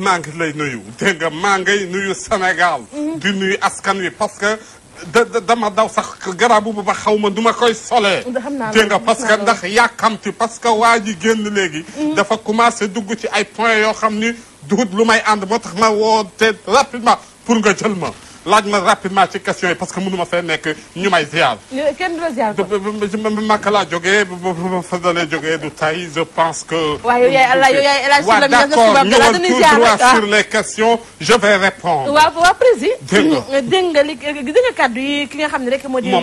maa ngi lay nuyu dégg nga maa ngay nuyu Sénégal. Mm-hmm. di nuyu askan wi parce que. da dama daw sax garaabu bu ba xaw ma du ma koy solee dégg nga parce que ndax yàkkamti parce que waa ji génn léegi mm-hmm. dafa commencé dugg ci ay point yoo xam ni duut lu may ànd moo tax ma woote rapidement pour nga jël ma laaj ma rapidement ci question yi parce que mënu ma fee nekk ñu may ziar. kenn du la ziar quoi. Màkka laa jógee ba fa dalee jógee du tay je pense que. waaw yow yaay allah yow yaay El Hadj ah. je vais répondre. waaw waaw président. dégg nga dégg nga li dégg nga kàddu yi ki nga xam ne rek moo di. moo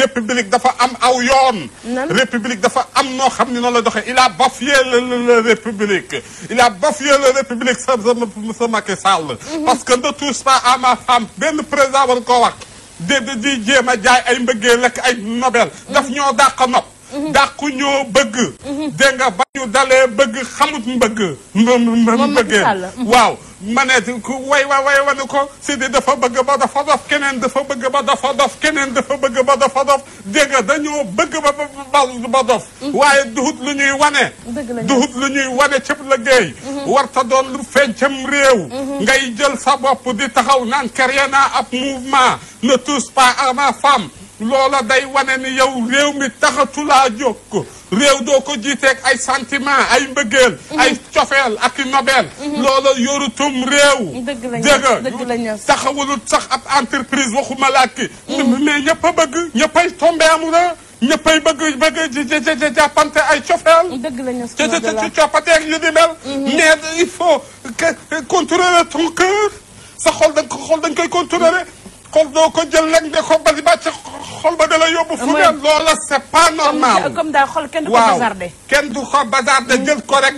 république dafa am aw yoon. république dafa am noo xam ne noonu la doxee il a bafoué la république. il a bafoué la république sa sa Macky Sall. Mhm. parce que ne touche pas à ma femme benn président a koo wax. di di jéem a jaay ay mbëggeel ak ay nobel daf mhm. ñoo dàq nopp. dàqu ñoo bëgg dégg nga ba ñu dalee bëgg xamut mbëgg mbëggee waaw ma ne way wa way wane ko si di dafa bëgg ba dafa dof keneen dafa bëgg ba dafa dof keneen dafa bëgg ba dafa dof dégg nga dañoo bëgg ba ba dof waaye duhut lu ñuy wane duhut lu ñuy wane cëb liggéey mhm. warta doon lu mu réew mhm. ngay jël sa bopp di taxaw naan créé naa ab mouvement ne touche pas à ma femme loola day wane ni yow réew mi taxatulaa jóg ko réew doo ko jiiteeg ay sentiment ay mbëggeel ay cofeel ak nobel nobeel loola yorutum réew dëgg la taxawalut sax ab entreprise waxuma laakki mais ñëpp a bëgg ñëpp ay tombé amoureux ñëppay bëgg bëgg ji jàppante ay cofeel dëgg la ñu ci coppateeg yu ni mel mais il faut contrôler ton cœur sa xol ko xol dañ koy contrôler ko jël ko bari xol ba da lay yóbbu fu ngeen loola c'est pas normal comme daal xol kenn du ko bazardé kenn du ko bazardé jël ko rek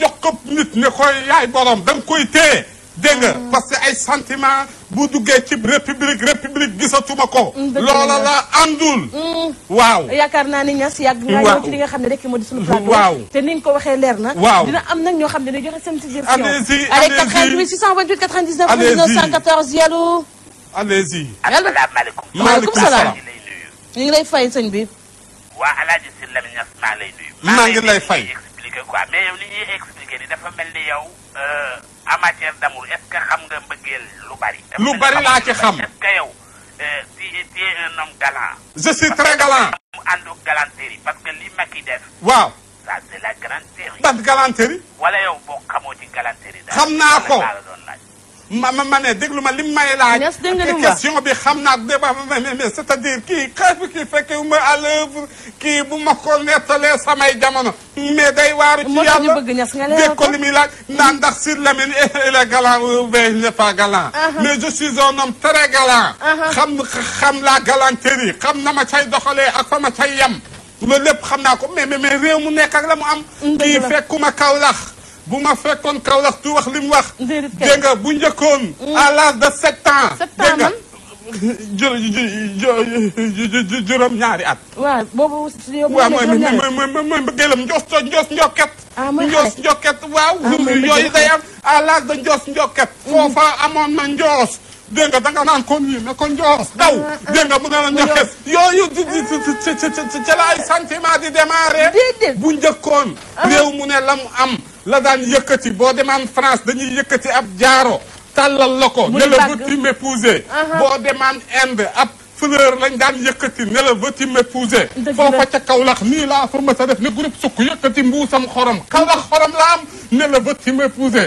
jox ko nit ne koy yaay borom da nga koy téye dégg nga parce que ay sentiment bu duggee ci république république gisatuma ko loola la àndul waaw yaakaar naa ni ñas yàgg nga ñëw ci li nga xam ne rek moo di suñu plateau waaw te ni nga ko waxee leer na waaw dina am nag ñoo xam ne dañu joxe seen suggestion allez-y allez-y 88 628 99 1914 yàllu allez-y asalaamaaleykum maaleykum salaam ñu ngi lay fay sëñ bi. waa El Hadj Sine Lamine Niass maa lay nuyu. maa ngi lay fay expliqué yow li ñuy expliqué ni dafa mel ni yow. en euh, matière d'amour est-ce que xam nga bëgg lu bari. lu bari laa ci xam est-ce que yow. Euh, tu es un homme galant. je suis galant. mu ànd parce que li Macky def. waaw. ça c'est wala yow boo xamoo ci galanterie. xam naa ko. ma ma ma ne déglu ma lim may laaj. ñas question bi xam naa débat ma ne mais c'est-à-dire kii xeetu kii fekkewu ma à l'œuvre kii bu ma ko nettalee samay jamono. mais day waaru ci yàlla dégg ko li muy laaj naan ndax Sidy Lamine eh, eh, il est galant ou bien il n'est pas galant. Uh-huh. mais je suis un homme très galant. Uh-huh. xam xam la galanterie xam na ma cay doxalee ak fa ma cay yem. loolu lépp xam naa ko mais mais mais réew mu nekk ak la mu am. dëgg la kii fekkuma Kaolack. bu ma fekkoon Kaolack tu wax li mu wax. dégg nga bu njëkkoon. à l'âge de sept ans. dégg nga jë juróom ñaari at. waaw boobu yow mooy juróom ñaari waaw mooy mooy mooy mbëggeelam njoos njoos njokket. ah mooy njoos njokket waaw. Ah, yooyu day am à l'âge de njoos njokket. Mm-hmm. foofa amoon na njoos. dégg nga danga naan kon yi na kon joos daw dégg nga mu ne la ñaxes yooyu ci laay sentiment di démarré bu njëkkoon ah. réew mu ne la mu am la daan yëkkati boo demaan France dañuy yëkkati ab jaaro tàllal la ko ne la veux-tu m'épouser ah. boo demaan Inde ab fleur lañ daan yëkkati ne la veux-tu m'épouser foofa ca Kaolack nii laa fa mës a def ne groupe sukk yëkkati mbuusam xorom Kaolack xorom la am ne la veux-tu m'épouser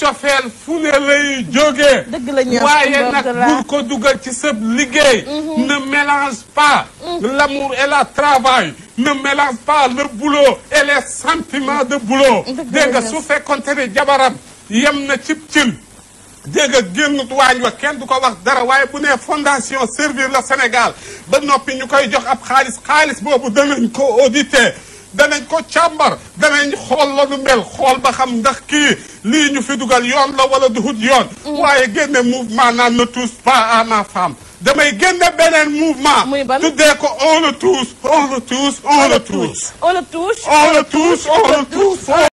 cofeel fu ne lay jógee waaye nag bul ko dugal ci se liguey mhm. ne mélange pas mhm. l'amour et la travail ne mélange pas le boulot et les sentiments de boulot dégg nga su fekkonte ne jabaram yem na cib cin dégg nga génnut wa kenn du ko wax dara waye bu nee fondation servir le Sénégal ba nopi ñu jox ab khalis xaalis boobu danañ ko auditer danañ ko càmbar danañ xool la nu mel xool ba xam ndax kii lii ñu fi dugal yoon la wala duhut yoon waaye génne mouvement naan ne touche pas à ma femme damay génne beneen mouvement. muy ban tuddee ko on le touche on le touche on le touche. on le touche on le touche on le touche.